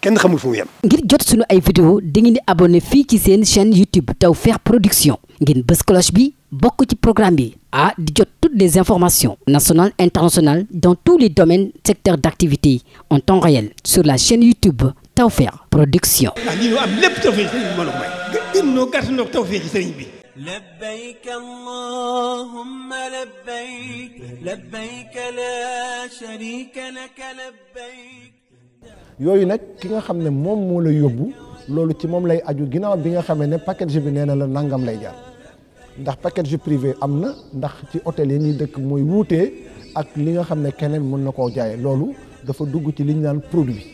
kenn xamul fu mu yem. ngir jot sunu ay vidéo dangeen di abonné fii ci seen chaîne YouTube Tawfekh Production ngeen bës bi bokk ci programme bi ah di jot toutes les informations nationales internationales dans tous les domaines secteurs d'activité en temps réel sur la chaîne YouTube Tawfekh Production. ah lii ñu am lépp tawfeex ci sëriñ bi moom mooy gën ñoo gàtt bi. labbayk allahumma labbayk la sharika lak labbayk. yooyu nag ki nga xam ne moom moo la yóbbu loolu ci moom lay aju ginnaaw bi nga xamee ne package bi nee na la nangam lay jaar ndax package privé am na ndax ci hôtel yi ñuy dëkk mooy wuutee ak li nga xam ne keneen mën na koo jaayee loolu dafa dugg ci li ñu naan produit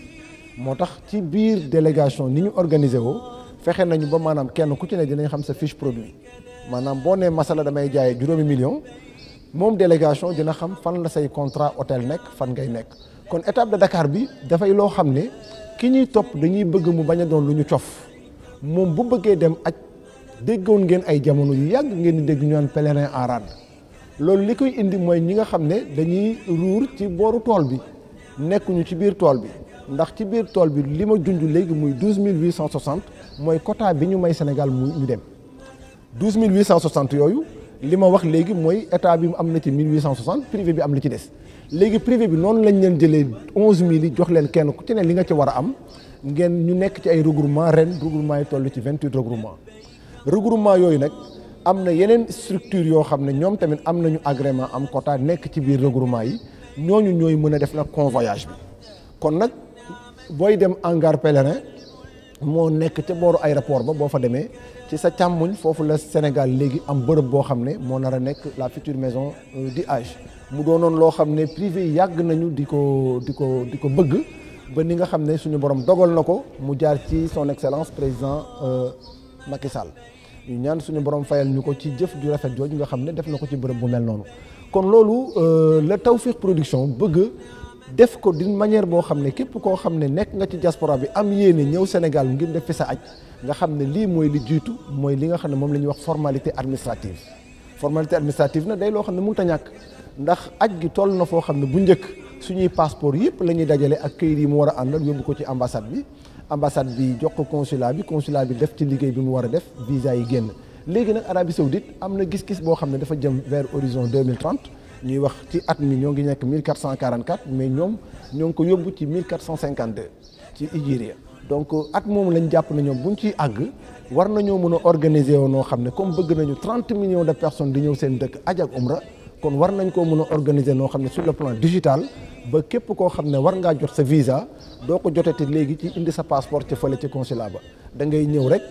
moo tax ci biir délégation ni ñu organisé woo fexe nañu ba maanaam kenn ku ci ne dinañ xam sa fiche produit maanaam boo nee masala damay jaayee juróomi million moom délégation dina xam fan la say contrat hôtel nekk fan ngay nekk kon étape de Dakar bi dafay loo xam ne ki ñuy topp dañuy bëgg mu bañ a doon lu ñu cof moom bu bëggee dem aj déggoon ngeen ay jamono yu yàgg ngeen di dégg ñu naan pèlerin en rad loolu li koy indi mooy ñi nga xam ne dañuy ruur ci booru tool bi nekkuñu ci biir tool bi ndax ci biir tool bi li ma junj léegi muy 12860 mooy quota bi ñu may senegal mu ñu dem 12860 yooyu li ma wax léegi mooy état bi am na ci 1860 privé bi am na ci des. léegi privé bi noonu lañ leen jëlee onze mille yi jox leen kenn ku ci ne li nga ci war a am ngeen ñu nekk ci ay regroupement ren regroupement yi toll ci vingt huit regroupement regroupement yooyu nag am na yeneen structure yoo xam ne ñoom tamit am nañu agrément am quota nekk ci biir regroupement yi ñooñu ñooy mën a def nag convoyage bi kon nag booy dem hangar pèlerin moo nekk ca booru aéroport ba boo fa demee ci sa càmmuñ foofu la Sénégal léegi am bërëb boo xam ne moo nar a nekk la future maison euh, di Hajj mu doonoon loo xam ne privé yàgg nañu di ko di ko di ko bëgg ba ni nga xam ne suñu borom dogal na ko mu jaar ci son excellence président euh, Macky Sall ñu ñaan suñu borom fayal ñu ko ci jëf ju rafet jooju nga xam ne def na ko ci bërëb bu mel noonu kon loolu euh, la Tawfekh Production bëgg def ko d'une manière boo xam ne képp koo xam ne nekk nga ci diaspora bi am yéene ñëw Sénégal ngir def fi sa aj nga xam ne lii mooy li jiitu mooy li nga xam ne moom la ñuy wax formalité administrative formalité administrative na day loo xam ne mënut a ñàkk ndax aj gi toll na foo xam ne bu njëkk suñuy passeport yëpp la ñuy dajale ak këyit yi mu war a àndal yóbbu ko ci ambassade bi ambassade bi jox ko consulat bi consulat bi def ci liggéey bi mu war a def visa yi génn léegi nag Arabie Saoudite am na gis-gis boo xam ne dafa jëm vers horizon 2030 ñuy wax ci at mi ñoo ngi nekk 1444 mais ñoom ñoo ngi ko yóbbu ci 1452 ci Ijiriya donc at moom lañ jàpp na ñoom buñ ciy àgg war nañoo mën a organiser woon noo xam ne comme bëgg nañu 30 millions de personnes di ñëw seen dëkk aj ak umra kon war nañ koo mën a organiser noo xam ne su le plan digital ba képp koo xam ne war ngaa jot sa visa doo ko jotati léegi ci indi sa passeport ci fële ci consulat ba da ngay ñëw rek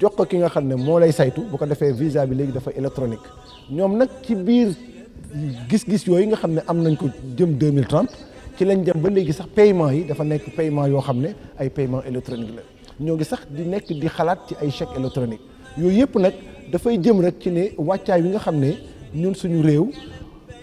jox ko ki nga xam ne moo lay saytu bu ko defee visa bi léegi dafa électronique ñoom nag ci biir. gis-gis yooyu nga xam ne am nañ ko jëm 2030 ci lañ dem ba léegi sax paiement yi dafa nekk paiement yoo xam ne ay paiement électronique la ñoo ngi sax di nekk di xalaat ci ay chèque électronique yooyu yëpp nag dafay jëm rek ci ne wàccaay wi nga xam ne ñun suñu réew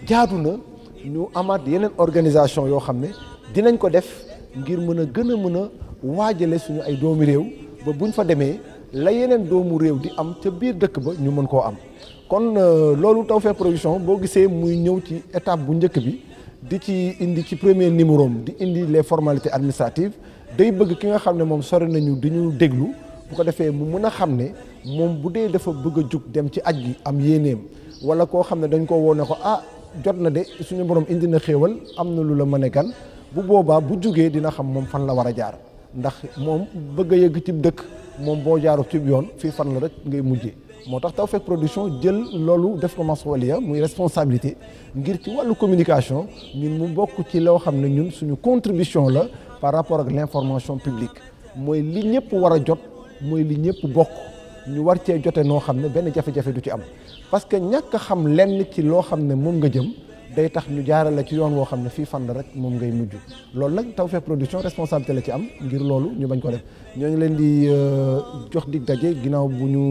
jaadu na ñu amaat yeneen organisation yoo xam ne dinañ ko def ngir mën a gën a mën a waajale suñu ay doomi réew ba buñ fa demee la yeneen doomu réew di am ca biir dëkk ba ñu mën koo am kon euh, loolu Tawfekh Production boo gisee muy ñëw ci étape bu njëkk bi di ci indi ci premier numéro di indi les formalité administratives day bëgg ki nga xam ne moom sori nañu di ñu déglu bu ko defee mu mën a xam ne moom bu dee dafa bëgg a jug dem ci aj gi am yéeneem wala koo xam ne dañ ko woo ko ah jot na de suñu borom indi na xéewal am na lu la mën a gan bu boobaa bu jugee dina xam moom fan la war a jaar ndax moom bëgg a yëgg dëkk moom boo jaarul ci yoon fii fan la rek ngay mujje moo tax taw Tawfekh Production jël loolu def ko mas'uliya muy responsabilité ngir ci wàllu communication ñun mu bokk ci loo xam ne ñun suñu contribution la par rapport ak l'information publique mooy li ñëpp war a jot mooy li ñëpp bokk ñu war cee jote noo xam ne benn jafe-jafe du ci am parce que ñàkk xam lenn ci loo xam ne moom nga jëm day tax ñu jaaral la ci yoon woo xam ne fii fan la rek moom ngay mujj loolu nag Tawfekh Production responsabilité la ci am ngir loolu ñu bañ ko def ñooñu leen di euh, jox di daje ginnaaw bu ñu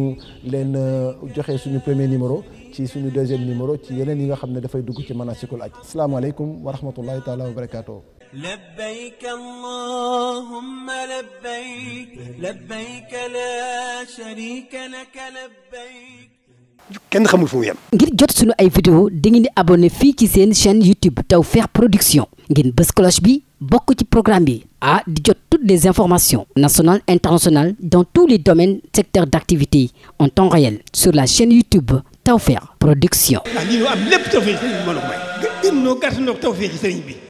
leen euh, joxee suñu premier numéro ci suñu deuxième numéro ci yeneen yi nga xam ne dafay dugg ci manasikul aj asalaamaaleykum wa rahmatullahi taala wa barakaatu labbayk la sharika lak labbayk kenn xamul fu mu yem. ngir jot sunu ay vidéo dangeen di abonné fii ci seen chaîne YouTube Tawfekh Production ngeen bës bi bokk ci programme bi ah di jot toutes les informations nationales internationales dans tous les domaines secteurs d'activité en temps réel sur la chaîne YouTube Tawfekh Production. ah lii am lépp tawfeex ci sëriñ bi mbooloo mooy. gën gën ñoo gàtt ñoo ak tawfeex ci sëriñ bi.